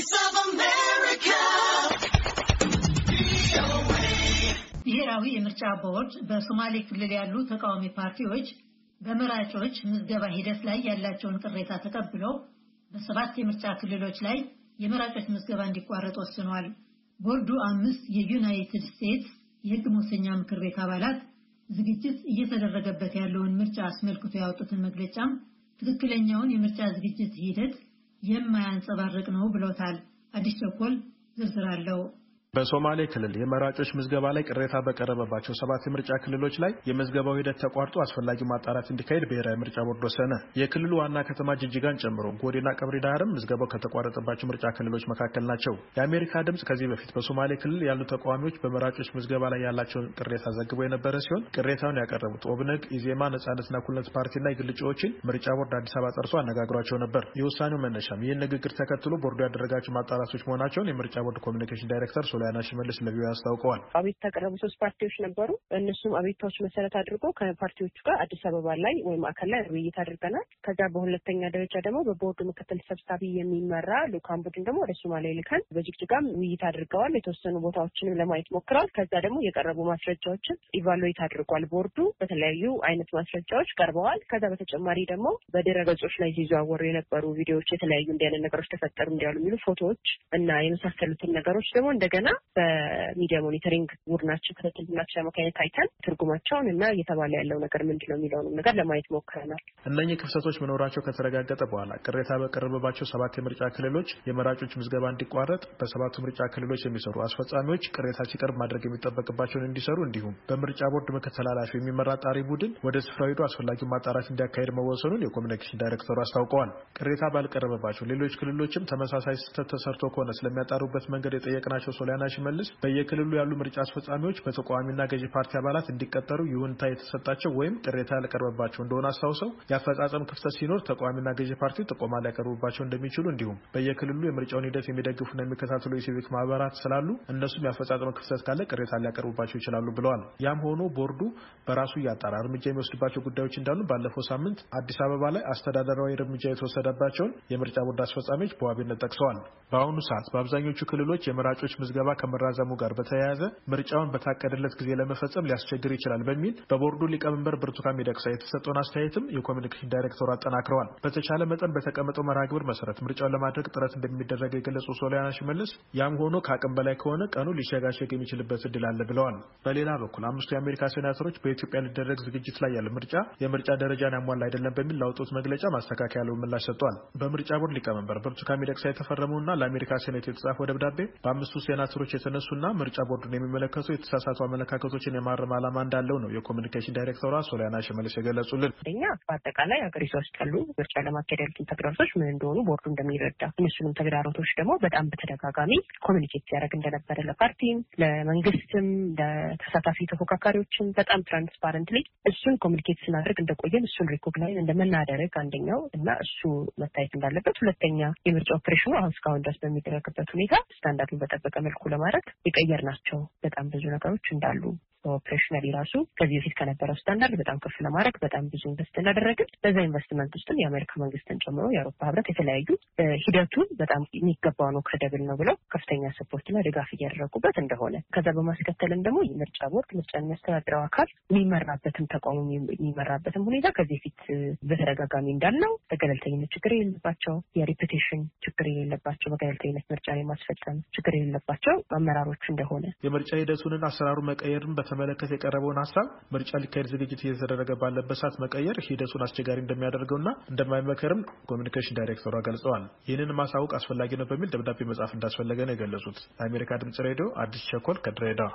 Voice of America. ብሔራዊ የምርጫ ቦርድ በሶማሌ ክልል ያሉ ተቃዋሚ ፓርቲዎች በመራጮች ምዝገባ ሂደት ላይ ያላቸውን ቅሬታ ተቀብሎ በሰባት የምርጫ ክልሎች ላይ የመራጮች ምዝገባ እንዲቋረጥ ወስኗል። ቦርዱ አምስት የዩናይትድ ስቴትስ የሕግ መወሰኛ ምክር ቤት አባላት ዝግጅት እየተደረገበት ያለውን ምርጫ አስመልክቶ ያወጡትን መግለጫም ትክክለኛውን የምርጫ ዝግጅት ሂደት የማያንጸባርቅ ነው ብሎታል። አዲስ ቸኮል ዝርዝር አለው። በሶማሌ ክልል የመራጮች ምዝገባ ላይ ቅሬታ በቀረበባቸው ሰባት የምርጫ ክልሎች ላይ የምዝገባው ሂደት ተቋርጦ አስፈላጊ ማጣራት እንዲካሄድ ብሔራዊ ምርጫ ቦርድ ወሰነ። የክልሉ ዋና ከተማ ጅጅጋን ጨምሮ ጎዴና ቀብሪ ዳህርም ምዝገባው ከተቋረጠባቸው ምርጫ ክልሎች መካከል ናቸው። የአሜሪካ ድምፅ ከዚህ በፊት በሶማሌ ክልል ያሉ ተቃዋሚዎች በመራጮች ምዝገባ ላይ ያላቸውን ቅሬታ ዘግቦ የነበረ ሲሆን ቅሬታውን ያቀረቡት ኦብነግ፣ ኢዜማ፣ ነጻነትና ኩልነት ፓርቲና የግል ምርጫ ቦርድ አዲስ አበባ ጠርሶ አነጋግሯቸው ነበር። የውሳኔው መነሻም ይህን ንግግር ተከትሎ ቦርዱ ያደረጋቸው ማጣራቶች መሆናቸውን የምርጫ ቦርድ ኮሚኒኬሽን ዳይሬክተር ሶሊያና ሽመልስ ለቪኦኤ አስታውቀዋል። አቤት ያቀረቡ ሶስት ፓርቲዎች ነበሩ። እነሱም አቤታዎች መሰረት አድርጎ ከፓርቲዎቹ ጋር አዲስ አበባ ላይ ወይም ማዕከል ላይ ውይይት አድርገናል። ከዛ በሁለተኛ ደረጃ ደግሞ በቦርዱ ምክትል ሰብሳቢ የሚመራ ልኡካን ቡድን ደግሞ ወደ ሶማሌ ልከን በጅግጅጋም ውይይት አድርገዋል። የተወሰኑ ቦታዎችንም ለማየት ሞክረዋል። ከዛ ደግሞ የቀረቡ ማስረጃዎችን ኢቫሉዌት አድርጓል። ቦርዱ በተለያዩ አይነት ማስረጃዎች ቀርበዋል። ከዛ በተጨማሪ ደግሞ በድረ ገጾች ላይ ሲዘዋወሩ የነበሩ ቪዲዮዎች የተለያዩ እንዲህ ነገሮች ተፈጠሩ እንዲያሉ የሚሉ ፎቶዎች እና የመሳሰሉትን ነገሮች ደግሞ እንደገና በሚዲያ ሞኒተሪንግ ቡድናችን ክትትልናቸው አማካኝነት አይተን ትርጉማቸውን እና እየተባለ ያለው ነገር ነው የሚለውንም ነገር ለማየት ሞክረናል። እነኚህ ክፍተቶች መኖራቸው ከተረጋገጠ በኋላ ቅሬታ በቀረበባቸው ሰባት የምርጫ ክልሎች የመራጮች ምዝገባ እንዲቋረጥ በሰባቱ ምርጫ ክልሎች የሚሰሩ አስፈጻሚዎች ቅሬታ ሲቀርብ ማድረግ የሚጠበቅባቸውን እንዲሰሩ እንዲሁም በምርጫ ቦርድ ምክትል ኃላፊ የሚመራ ጣሪ ቡድን ወደ ስፍራው ሄዶ አስፈላጊውን ማጣራት እንዲያካሄድ መወሰኑን የኮሚኒኬሽን ዳይሬክተሩ አስታውቀዋል። ቅሬታ ባልቀረበባቸው ሌሎች ክልሎችም ተመሳሳይ ስህተት ተሰርቶ ከሆነ ስለሚያጣሩበት መንገድ የጠየቅናቸው ሶሊያ ምስጋና ሽመልስ በየክልሉ ያሉ ምርጫ አስፈጻሚዎች በተቃዋሚና ገዢ ፓርቲ አባላት እንዲቀጠሩ ይሁንታ የተሰጣቸው ወይም ቅሬታ ያልቀረበባቸው እንደሆነ አስታውሰው የአፈጻጸም ክፍተት ሲኖር ተቃዋሚና ገዢ ፓርቲ ጥቆማ ሊያቀርቡባቸው እንደሚችሉ እንዲሁም በየክልሉ የምርጫውን ሂደት የሚደግፉና የሚከታተሉ የሲቪክ ማህበራት ስላሉ እነሱም የአፈጻጸም ክፍተት ካለ ቅሬታ ሊያቀርቡባቸው ይችላሉ ብለዋል። ያም ሆኖ ቦርዱ በራሱ እያጣራ እርምጃ የሚወስድባቸው ጉዳዮች እንዳሉ ባለፈው ሳምንት አዲስ አበባ ላይ አስተዳደራዊ እርምጃ የተወሰደባቸውን የምርጫ ቦርድ አስፈጻሚዎች በዋቢነት ጠቅሰዋል። በአሁኑ ሰዓት በአብዛኞቹ ክልሎች የመራጮች ምዝገባ ስብሰባ ከመራዘሙ ጋር በተያያዘ ምርጫውን በታቀደለት ጊዜ ለመፈጸም ሊያስቸግር ይችላል በሚል በቦርዱ ሊቀመንበር ብርቱካን ሚደቅሳ የተሰጠውን አስተያየትም የኮሚኒኬሽን ዳይሬክተሩ አጠናክረዋል። በተቻለ መጠን በተቀመጠው መርሃ ግብር መሰረት ምርጫውን ለማድረግ ጥረት እንደሚደረግ የገለጹ ሶሊያና ሽመልስ ያም ሆኖ ከአቅም በላይ ከሆነ ቀኑ ሊሸጋሸግ የሚችልበት እድል አለ ብለዋል። በሌላ በኩል አምስቱ የአሜሪካ ሴናተሮች በኢትዮጵያ ሊደረግ ዝግጅት ላይ ያለ ምርጫ የምርጫ ደረጃን ያሟላ አይደለም በሚል ላወጡት መግለጫ ማስተካከያ ያለው ምላሽ ሰጥቷል። በምርጫ ቦርድ ሊቀመንበር ብርቱካን ሚደቅሳ የተፈረመውና ለአሜሪካ ሴኔት የተጻፈው ደብዳቤ በአምስቱ ሴናተሮች ክርክሮች የተነሱና ምርጫ ቦርዱን የሚመለከቱ የተሳሳቱ አመለካከቶችን የማረም ዓላማ እንዳለው ነው የኮሚኒኬሽን ዳይሬክተሯ ሶሊያና ሽመልስ የገለጹልን። እኛ በአጠቃላይ ሀገሪቷ ውስጥ ያሉ ምርጫ ለማካሄድ ያሉትን ተግዳሮቶች ምን እንደሆኑ ቦርዱ እንደሚረዳ እነሱንም ተግዳሮቶች ደግሞ በጣም በተደጋጋሚ ኮሚኒኬት ሲያደርግ እንደነበረ ለፓርቲም፣ ለመንግስትም፣ ለተሳታፊ ተፎካካሪዎችም በጣም ትራንስፓረንትሊ እሱን ኮሚኒኬት ስናደርግ እንደቆየን እሱን ሪኮግናይዝ እንደምናደርግ አንደኛው እና እሱ መታየት እንዳለበት፣ ሁለተኛ የምርጫ ኦፕሬሽኑ አሁን እስካሁን ድረስ በሚደረግበት ሁኔታ ስታንዳርዱን በጠበቀ መልኩ ለማድረግ ናቸው። በጣም ብዙ ነገሮች እንዳሉ ኦፕሬሽናሊ ራሱ ከዚህ በፊት ከነበረው ስታንዳርድ በጣም ከፍ ለማድረግ በጣም ብዙ ኢንቨስት እናደረግን። በዛ ኢንቨስትመንት ውስጥም የአሜሪካ መንግስትን ጨምሮ የአውሮፓ ህብረት የተለያዩ ሂደቱን በጣም የሚገባው ነው ክሬደብል ነው ብለው ከፍተኛ ሰፖርትና ድጋፍ እያደረጉበት እንደሆነ ከዛ በማስከተልም ደግሞ ምርጫ ቦርድ ምርጫ የሚያስተዳድረው አካል የሚመራበትም ተቋሙ የሚመራበትም ሁኔታ ከዚህ በፊት በተደጋጋሚ እንዳልነው በገለልተኝነት ችግር የሌለባቸው የሪፑቴሽን ችግር የሌለባቸው በገለልተኝነት ምርጫ የማስፈጸም ችግር የሌለባቸው አመራሮች እንደሆነ የምርጫ ሂደቱንን አሰራሩ መቀየርን በተመለከተ የቀረበውን ሀሳብ ምርጫ ሊካሄድ ዝግጅት እየተደረገ ባለበት ሰዓት መቀየር ሂደቱን አስቸጋሪ እንደሚያደርገውና እንደማይመከርም ኮሚኒኬሽን ዳይሬክተሯ ገልጸዋል። ይህንን ማሳወቅ አስፈላጊ ነው በሚል ደብዳቤ መጻፍ እንዳስፈለገ ነው የገለጹት። ለአሜሪካ ድምጽ ሬዲዮ አዲስ ቸኮል ከድሬዳዋ